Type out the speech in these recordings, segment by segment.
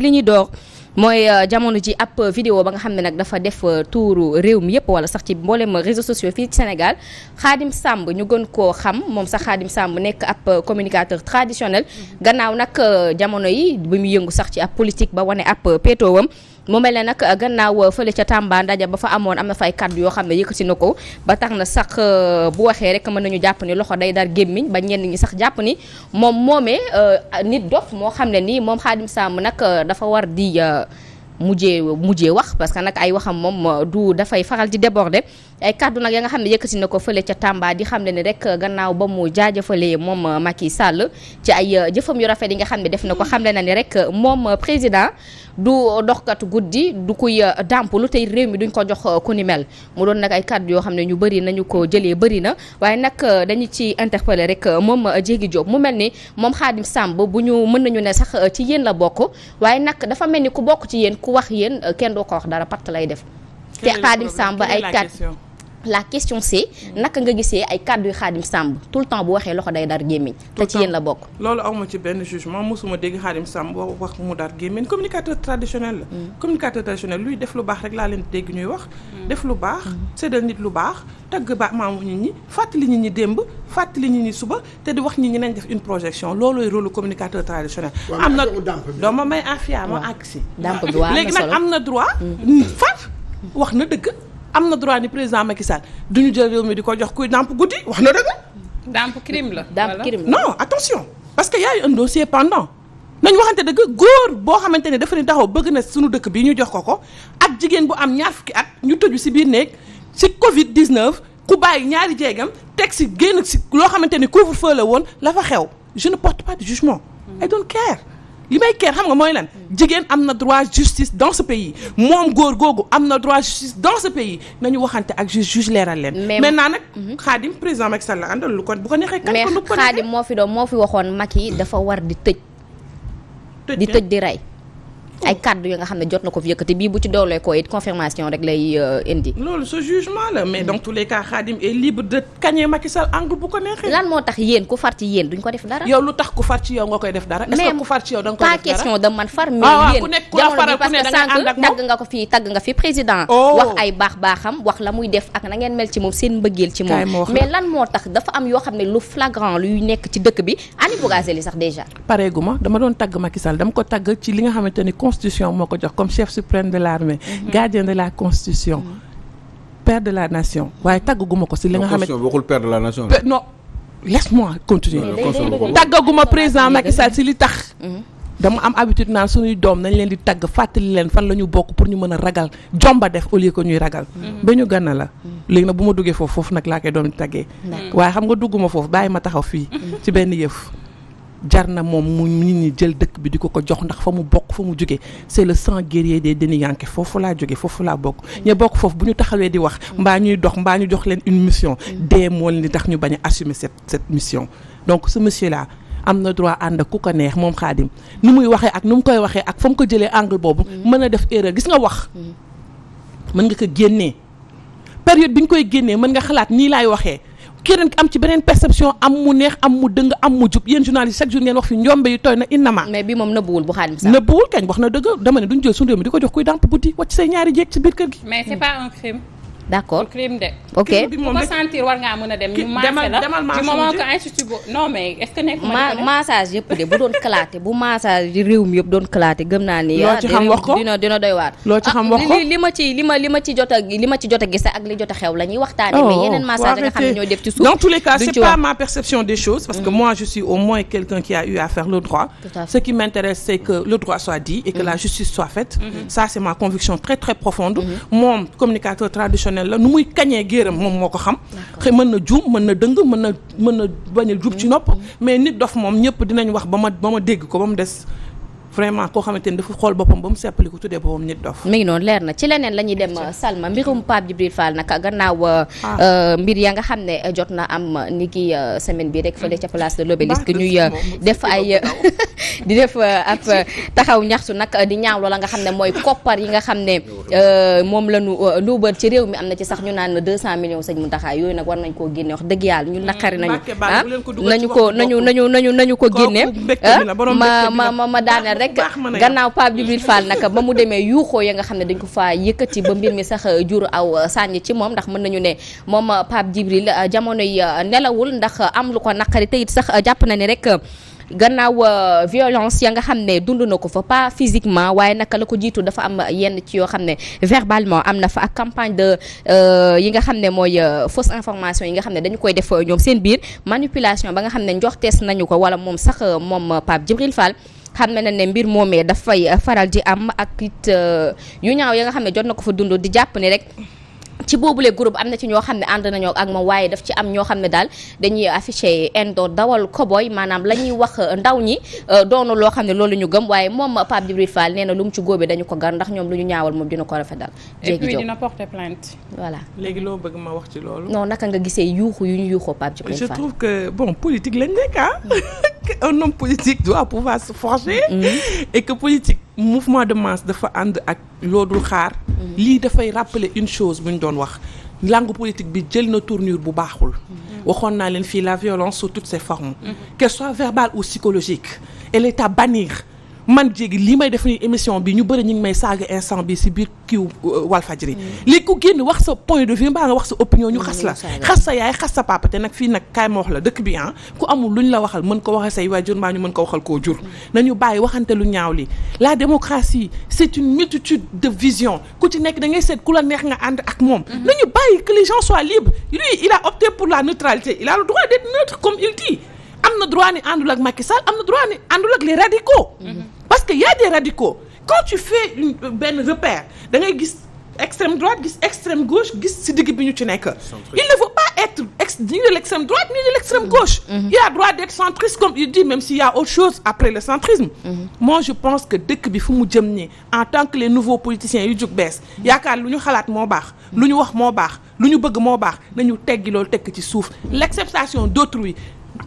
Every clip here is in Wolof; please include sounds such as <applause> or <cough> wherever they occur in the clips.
li ñuy door mooy euh, jamono ji ab vidéo ba nga xam ne nag dafa def euh, tuuru réew mi yëpp wala sax ci mboolem réseaux sociaux fii ci Sénégal Khadim sàmb ñu gën koo xam moom sax Khadim Samb nekk ab euh, communicateur traditionnel mm-hmm. gannaaw nag jamono yi bi mu yëngu sax ci ab politique ba wane ab pétoowam mu mel ne nag gannaaw fële ca tàmbaa ndaje ba fa amoon am na fa ay yoo xam ne yëkkati na ko ba tax na sax euh, bu waxee rek mën nañu jàpp ni loxo day dar gémmiñ ba ñenn ñi sax jàpp ni moom moomee euh, nit dof moo xam ne nii moom Khadim Samb nag euh, dafa war di mujjee mujjee wax parce que nag ay waxam moom du dafay faral di de ay eh, kaddu nag ya nga xam ne yëkkati na ko fële ca Tamba di xam ne ni rek eh, gannaaw ba mu jaajëfalee moom eh, Macky sàll ci ay jëfam yu rafet yi nga xam ne def na ko xam le na ni rek moom président du doxkat guddi du kuy dàmpalu tey réew mi duñ ko jox ku mu doon nag ay kaddu yoo xam ne ñu bëri nañu ko jëlee bëri na waaye nag dañu ci interpeller rek moom Diégui Diop mu mel ni moom Khadim Samb bu ñu mën nañu ne sax ci yéen la bokk waaye nag dafa mel ni ku bokk ci yéen ku wax yéen kenn doo ko wax dara patt lay def te Khadim Samb ay kat la question c'est naka nga gisee ay kàddu yu Xaadim tout le temps bu waxee loxo day dar gémmiñ te ci yéen la bokk loolu awma ci benn jugement mosuma dégg Xaadim Samb wax mu dar gémmiñ communicateur traditionnel la mm. communicateur traditionnel luy def lu baax rek laa leen dégg ñuy wax mm. def lu baax mm. séddal nit lu baax tagg ba maamu nit ñi fàttali nit ñi démb fàttali ñu ñi suba te di wax nit ñi nañ def une projection loolooy rôle communicateur traditionnel am na dooma may affia ma àgg si léegi nag am na droit wax na dëgg am na droit ni président Macky Sall du ñu jël réew mi di ko jox kuy damp guddi wax na dëgg. damp crime la. damp crime la non attention. parce que y a eu un dossier pendant nañu waxante dëgg góor boo xamante ne dafa ni taxaw bëgg na suñu dëkk bi ñu jox ko ko ak jigéen bu am ñaar fukki at ñu tëju si biir néeg si Covid 19 ku bàyyi ñaari jeegam teg si génn si loo xamante ni couvre-feu woon la fa xew je ne porte pas de jugement. I don't care. li may keer xam nga mooy lan jigéen am na droit justice dans ce pays moom góor googu am na droit justice dans ce pays nañu waxante ak juge juge leeral leen. maintenant nag. xaadim mhm. président Macky Sall la àndal lu ko bu ko neexee. kan ko lu ko xaadim moo fi doon moo fi waxoon Macky dafa war di tëj. di tëj di rey. ay kàddu yi nga xam ne jot na ko fi yëkkati bii bu ci doolee ko it confirmation rek lay euh, indi. loolu ce jugement la mais dans tous les cas Khadim est libre de kañee Macky Sall bu ko neexee. lan moo tax lu tax ku far ci yow nga koy def dara. est-ce que da nga koy def dara pas question de man far. mais ah, ah, yéen jamono bi parce que oh. la muy def ak na ngeen mel ci moom seen mbëggeel ci moom. dafa am yoo xam ne lu flagrant luy nekk ci dëkk bi Aliou Bougazelli sax déjà. pareegu dama doon tagg Macky dama ko tagg ci li nga xamante ni constitution moo ko jox comme chef suprême de l'armée mhm. gardien de la constitution mhm. père de la nation waaye tàggaguma ko si li nga xam ne waxul père de la nation non laisse-moi continuer tàggaguma président Macky Sall si li tax mhm. dama am habitude naan suñuy doom nañ leen di tagg fàttali leen fan la ñu bokk pour ñu mën a ragal jomba def au lieu ko ñuy ragal ba ñu gànna la léegi nag bu ma duggee foofu foofu nag laa koy doom di taggee waaye xam nga dugguma foofu bàyyi ma taxaw fii ci jar na moom mu nit ñi jël dëkk bi di ko ko jox ndax fa mu bokk fa mu jógee c'est le sang guerrier des Déniyanké foofu laa jóge foofu laa bokk ñu bokk foofu bu ñu taxawee di wax mbaa ñuy dox mbaa ñu jox leen une mission dee moo leen di tax ñu bañ a assumer cette mission donc ce monsieur là am na droit ànd ak ku ko neex moom xaadim ni muy waxee ak nu mu koy waxee ak fa mu ko jëlee angle boobu mm. mën a def erreur gis nga wax mm. mën nga ko génnee période bi koy génnee mën nga xalaat nii laay waxee keneen am ci beneen perception am mu neex am mu dëng am mu jub yéen journaliste chaque jour ngeen wax fi njombe yi tooy na innama mais bi moom nëbbuwul bu xaalis nëbbuwul kañ wax na dëgg dama ne duñ jël suñu réew di ko jox kuy dàmp buddi wàcc say ñaari jéeg ci biir kër gi d'accord crime de. ok ku ko massage yëpp de bu doon kalaate bu massage réew mi yëpp doon kalaate gëm naa ni. loo ah, dina doy waar. Ah, li ma ci li ma ci jot a li ak li jot xew la ñuy waxtaanee. Oh, mais yeneen massage nga xam ne ñoo def ci suuf. dans tous les ma perception des choses. parce que mm. moi je suis au moins quelqu'un qui a eu à le droit. ce qui m'intéresse c'est que le droit soit dit et que mm. la justice soit faite. Mm-hmm. ça c'est ma conviction très très profonde. Mm-hmm. moom daaneel la nu muy kañee géeram moom moo ko xam xëy mën na juum mën na dëng mën na mën na bañ jub ci mm-hmm. nopp mais nit dof moom ñëpp dinañ wax ba ma ba ma dégg ko ba mu des vraiment koo xamante ni dafa xool boppam ba mu seppali ko tuddee boppam nit dof. mi noonu leer na ci leneen la dem Salma mbirum Pape Djibril Fall nag gannaaw. Euh, ah. euh, mbir ya nga xam ne euh, jot na am ni ki semaine bi rek fële ca place de l'Obélisque ñuy def ay <laughs> di def ab taxaw ñaxtu nag di ñaaw loola nga xam ne mooy koppar yi nga xam ne moom la ñu luubal ci réew mi am na ci sax ñu naan 200 sañ sëñ Mountakha yooyu nag war nañ koo génne wax dëgg yàlla ñu naqari nañu. ah nañu ko nañu ko génne. Ah? ma ma ma daaneel rek gannaaw Pape Djibril Fall nag ba mu demee yuuxoo ya nga xam ne dañ ko faa yëkkati ba mbir mi sax euh, jur aw euh, sànni ci moom ndax mën nañu ne moom euh, Pape Djibril jamono yi nelawul ndax am lu ko naqari te it sax jàpp na ne rek gannaaw violence ya nga xam ne dund na ko fa pas physiquement waaye naka la ko jiitu dafa am yenn ci yoo xam ne verbalement am na fa ak campagne de yi nga xam ne mooy fausse information yi nga xam ne dañu koy def ñoom seen biir manipulation ba nga xam ne njoxtees nañu ko wala moom sax moom Pape Djibril Fall xam na ne mbir moomee dafay euh, faral ji am ak it euh, yu ñaaw ya nga xam ne jot na ko fa dund di jàpp ni rek ci boobu boobule groupe am na ci ñoo xam ne ànd nañoo ak moom waaye daf ci am ñoo xam ne daal dañuy affiché indo dawal koboy maanaam la ñuy wax euh, ndaw ñi doonu loo xam ne loolu ñu gëm waaye moom Pape Djibril Fall nee na lu mu ci góobee dañu ko gar ndax ñoom lu ñu ñaawal moom dina ko rafetal. jéegi jóg et puis dina porter léegi loo bëgg ma wax ci loolu. noo naka nga gisee yuuxu yu ñu yuuxoo Pape Djibril Fall. je trouve que bon politique qu'un homme politique doit pouvoir se forger mm-hmm. Mm-hmm. et que politique mouvement de masse dafa ànd ak loolu xaar mm-hmm. lii dafay rappeler une chose bu ñu doon wax langue politique bi jël na tournure bu baaxul waxoon naa leen fii la violence sous toutes ses formes qu'elle soit verbale ou psychologique elle est bannir man jéegi lii may def émission bi ñu bëri ñu ngi may saaga instant bi si biir kiw euh, Walfadjri mm. léegi ku génn wax sa point de vue mbaa nga wax sa opinion ñu xas mm, la xas sa yaay xas sa papa te nag fii nag kaay ma wax la dëkk bi ah ku amul luñ la waxal mën ko waxee say waajur mbaa ñu mën ko waxal koo jur mm. nañu bàyyi waxante lu ñaaw li la démocratie c'est une multitude de vision ku ci nekk da ngay seet ku la neex nga ànd ak moom mm-hmm. nañu bàyyi que les gens soient libres lui il a la neutralité il am na droit ni àndul ak Macky Sall am na droit ni àndul ak les radicaux mm-hmm. que y a des radicaux quand tu fais une benn repère da ngay gis extrême droite gis extrême gauche gis si digg bi ñu ci nekk il ne faut pas être ex ni de l'extrême droite ni de l'extrême mm-hmm. gauche mm-hmm. il a droit d'être centriste comme il dit même s'il y autre chose après le centrisme mm-hmm. moi je pense que dëkk bi fu mu jëm nii en tant que les nouveaux politiciens yu jug bees yaakaar lu ñu xalaat moo baax lu ñu wax moo baax lu ñu bëgg moo baax nañu teggi loolu tekk ci suuf l'acceptation d'autrui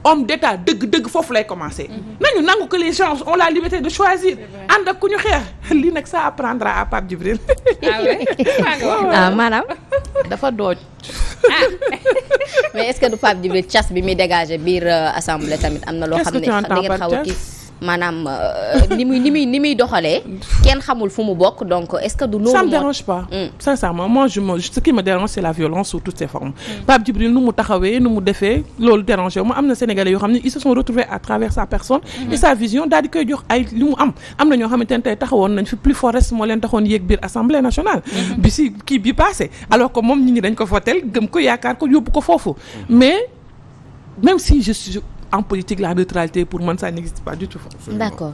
homme d'état dëgg dëgg foofu lay commencer. Mhm. nañu nangu que les gens ont la liberté de choisir. ànd ak ku ñu xeex <laughs> lii nag ça apprendra à Pape Djibril. ah, <laughs> ah maanaam dafa dooj. Ah. <laughs> mais est-ce que du Pape Djibril cas bi muy dégager biir euh, assemblée tamit am na loo xam ne di ngeen xaw a kii maanaam euh, ni muy ni muy ni doxalee kenn xamul fu mu bokk donc est-ce que du loolu ça me dérange pas hmm. sincèrement moi je me dérange c'est la violence sous toutes ses formes hmm. Pape nu mu taxawee nu mu defee loolu dérange wu am na sénégalais yoo xam ne ils se sont retrouvés à travers sa personne hmm. et sa vision daal di koy jox ay li mu am am na ñoo xamante ne tey taxawoon nañ fi plus forest moo leen taxoon yéeg biir assemblée nationale bi si kii bi passé alors moom nit dañ ko votel gëm ko ko yóbbu ko foofu mais même en politique la neutralité pour man ça n'existe pas du tout. d'accord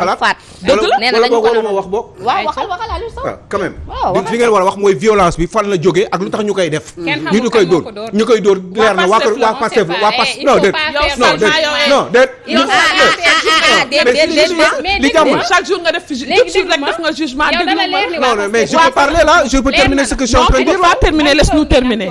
xalaat faat dëgg la nee waruma wax boog waaw waxal waxal Aliou Sow ah, quand même di ngeen war wax mooy violence bi fan la jógee ak lu tax ñu koy def ñu di koy dóor ñu koy dóor leer na waa kër waa Pastef la waa Pastef non mais je peux parler là je peux terminer ce que je suis en train de dire non tu dois terminer laisse nous terminer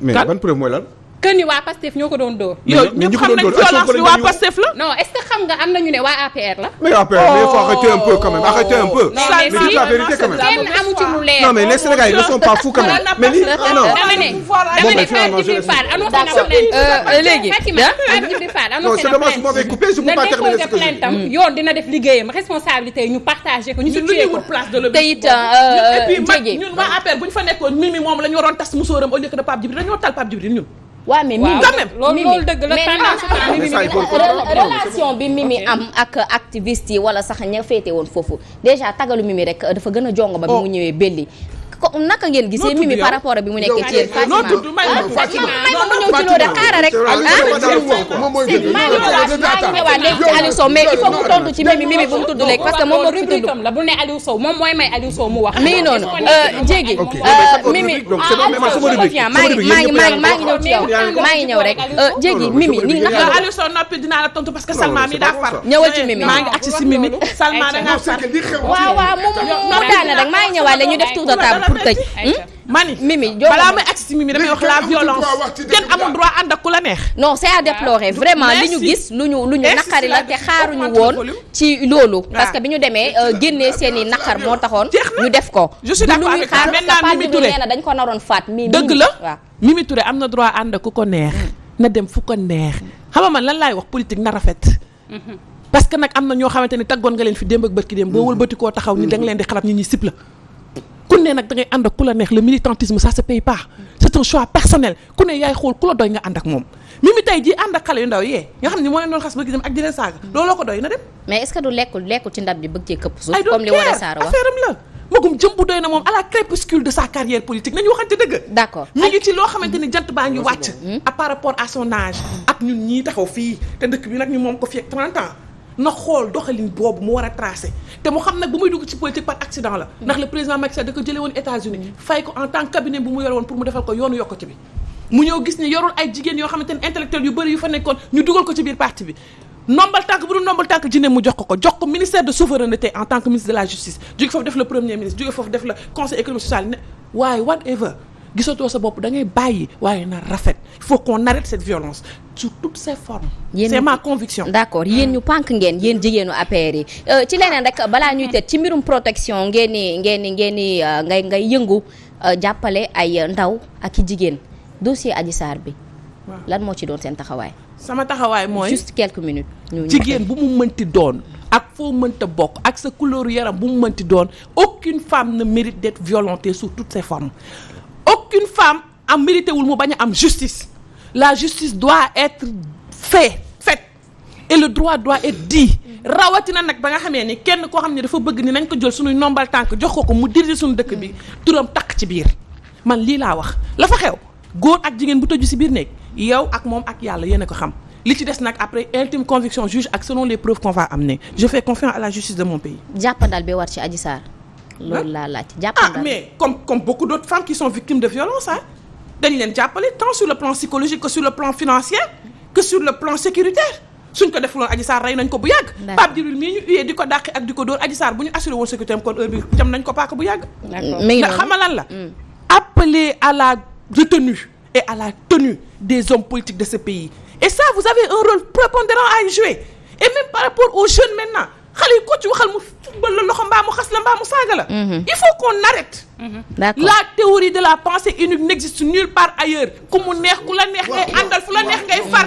mais ban preuve mooy lan que ni waa Pastef ñoo ko doon dóor. yow ñëpp xam nañ violence bi waa Pastef la. non est-ce que xam nga am nañu ne waa APR la. mais APR mais faut oh. arrêter un peu quand même arrêter un peu. non mais si kenn amu ci lu leer. non mais les Sénégalais ne sont pas fous quand même. mais lii non dama ne dama ne Pape euh, euh, Djibril Fall annonce na plainte. léegi Pape Djibril Fall annonce na plainte. non c'est coupé je peux pas terminer ce que je dis. Hmm. yoon dina def liggéeyam responsabilité yi ñu partagé ko ñu situé ko. te it euh, jege ñun waa APR bu ñu fa nekkoon mimi moom la ñu waroon tas musóoram au lieu que de Pape Djibril dañoo tal Pape Djibril ñun waaw mais mimi loolu dëgg la relation bi mi am ak activiste yi wala sax ña feete woon foofu déjà tagalu mi rek dafa gën a jongo ba bi mu oh. ñëwee belli ko naka ngeen gisee Mimi par rapport ak bi mu nekkee ci yéen Fatima may ma ñëw ci loolu xaaral rek maa ngi ñëwaat léegi ci Aliou Sow mais il faut mu tontu la bu ne Aliou ñëw ci ngi que Salma da ngaa far waaw waaw moom moo daana rek maa def tour de table pour tëj. Hmm? mani mimi jóg balaa may agsi si mimi damay wax la violence kenn amul droit ànd ak ku la neex. non c'est à déplorer vraiment li ñu gis lu ñu lu ñu naqari la te xaaruñu woon ci loolu. parce que bi ñu demee euh, génnee seen i moo taxoon. ñu def ko. je suis d'accord dañ ko naroon faat mi dëgg la waaw Mimi Touré am na droit ànd ak ku ko neex. Mm. na dem fu ko neex. xam nga man lan laay wax politique na rafet. Mm-hmm. parce que nag am na ñoo xamante ne taggoon nga leen fi démb ak bët ki démb. Mm-hmm. boo wëlbati koo taxaw ni mm-hmm. da nga leen di xalab ñi ñuy sip la ku ne nag da ngay ànd ak ku la neex le militantisme ça se paye pas c'est un choix personnel ku ne yaay xool ku la doy nga ànd ak moom Mimi tey jii ànd ak xale yu ndaw yee nga xam ne moo leen doon xas ba di leen saaga looloo këpp suuf comme li war saara wax affaire jëm bu doy na moom à crépuscule de sa carrière politique nañu waxante dëgg d'accord mi ngi ci loo xamante ni jant baa ngi wàcc hmm? à par rapport à son âge ñun ñii taxaw fii te dëkk bi nag ñu na xool doxalin boobu mu war a tracé te mu xam nag bu muy dugg ci politique par accident la mm. ndax le président Macky Sall da ko jëlee woon États-Unis fay ko en tant que cabinet bu mu yore woon pour mu defal ko yoonu yokkute bi mu ñëw gis ne yorul ay jigéen yoo xamante ne intellectuel yu bëri yu fa nekkoon ñu dugal ko ci biir parti bi nombal tànk bu dul nombal tànk jinne mu jox ko ko jox ko ministère de souveraineté en tant que ministre de la justice jóge foofu gisatoo sa bopp da bàyyi waaye na rafet foo faut qu'on arrête cette violence sous toutes ses formes. c'est ma conviction. d'accord yéen ñu pànk ngeen yéen jigéenu APR yi euh, ci ah. leneen rek balaa ñuy tëj ci mbirum protection ngeen ni ngeen ni ngeen ni euh, ngay ngay yëngu euh, jàppale ay ndaw ak i jigéen dossier Adji Sarr bi. lan moo ci doon seen taxawaay. sama taxawaay mooy juste quelques minutes. jigéen bu mu mënti doon. ak foo mënta bokk ak sa couleur yaram bu mu mënti doon aucune femme ne mérite d'être violentée sous toutes aucune femme am mérité wul mu bañ a am justice la justice doit être faite faite et le droit doit être dit rawatina nag ba nga xamee ni kenn koo xam ne dafa bëgg ni nañ ko jol suñuy nombal tànk jox ko ko mu dirige suñu dëkk bi turam takk ci biir man lii laa wax la fa xew góor ak jigéen bu tëju si biir néeg yow ak moom ak yàlla yéen a ko xam li ci des nag après intime conviction juge ak selon les preuves qu'on va amener je fais confiance à la justice de mon pays. jàppandal bi ci Adji Sarr. loolu ah. laa laaj jàpp ah mais comme comme beaucoup d'autres femmes qui sont victimes de violence ah dañ leen jàppale tant sur le plan psychologique que sur le plan financier que sur le plan sécuritaire suñ ko defuloon Adji Sarr rey nañ ko bu yàgg Pape Djibril mii ñu uyee di ko dàqi a di ko dóor Adji bu ñu assuré woon sécurité am kon heure bi jam nañ ko paaka bu yàgg ndax xama mm. appeler à la retenue et à la tenue des hommes politiques de ce pays et ça vous avez un xale yi ko ci waxal mu football la loxo mbaa mu xas la mbaa mu saaga la. Mhm. il faut qu'on arrête. la théorie de la pensée unique n'existe nulle part ailleurs ku mu neex ku la neex ngay àndal fu la neex ngay far.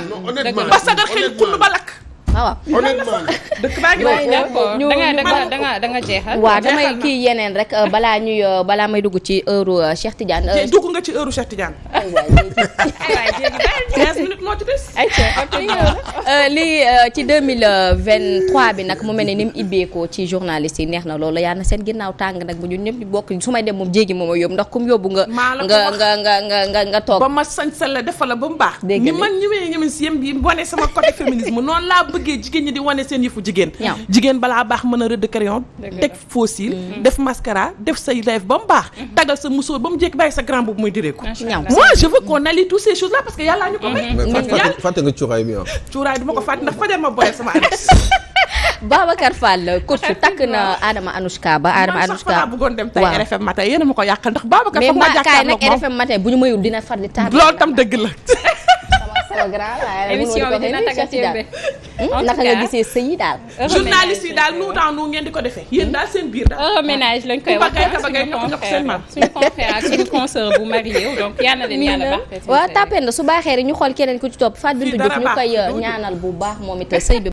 ba sagar xel kund ba lakk. waaw honnêtement dëkk baa ngi ñu da nga da nga jeexal waaw damay kii yeneen rek euh, balaa ñuy euh, balaa may dugg ci heure euh, Cheikh Tidiane. dugg nga ci heure Cheikh Tidiane. lii ci 2023 bi nag mu mel ne ni mu ibbeekoo ci journaliste yi neex na loolu yaa na seen ginnaaw tàng nag bu ñun ñëpp ñu bokk su may dem moom jéegi moom a yóbbu ndax kum yóbbu nga. nga nga nga nga nga toog. ba ma sañ sa la defal la ba mu baax. dégg nga ni man ñëwee ñëwee si yem bi wane sama côté féminisme noonu laa bëgg bëggee jigéen ñi di wane seen yëfu jigéen jigéen balaa baax mën a rëdd crayon teg fossile mm-hmm. Mm-hmm. def mascara def say lèvres ba mu baax mm-hmm. tagal sa musóor ba mu jékk bàyyi sa grand boobu muy direeku je veux qu'on allie toutes ces choses là parce que yàllaa ñu ko may fàtte nga cuuraay bi ah cuuraay du ma ko fàtte ndax fajar ma boye sama anes <laughs> Babacar Fall coach takk na Adama Anouchka ba Adama Anouchka waaw bëggoon dem tey RFM matin a ma ko yàqal ndax Babacar mais kaay nag RFM matin bu ñu mayul dina far di taal loolu tam dëgg la <laughs> programme waaye émission bi dina tàggat yembe naka nga gisee sëy yi daal. journaliste yi daal nous temps nous ngeen di ko defee. yéen daal seen biir daal. suñu confrère suñu consoeur bu marié donc yal na leen waaw tàppee na su baaxee ñu xool keneen ku ci topp Fatou Binetou Diouf ñu koy euh, ñaanal bu baax moom it sëy bi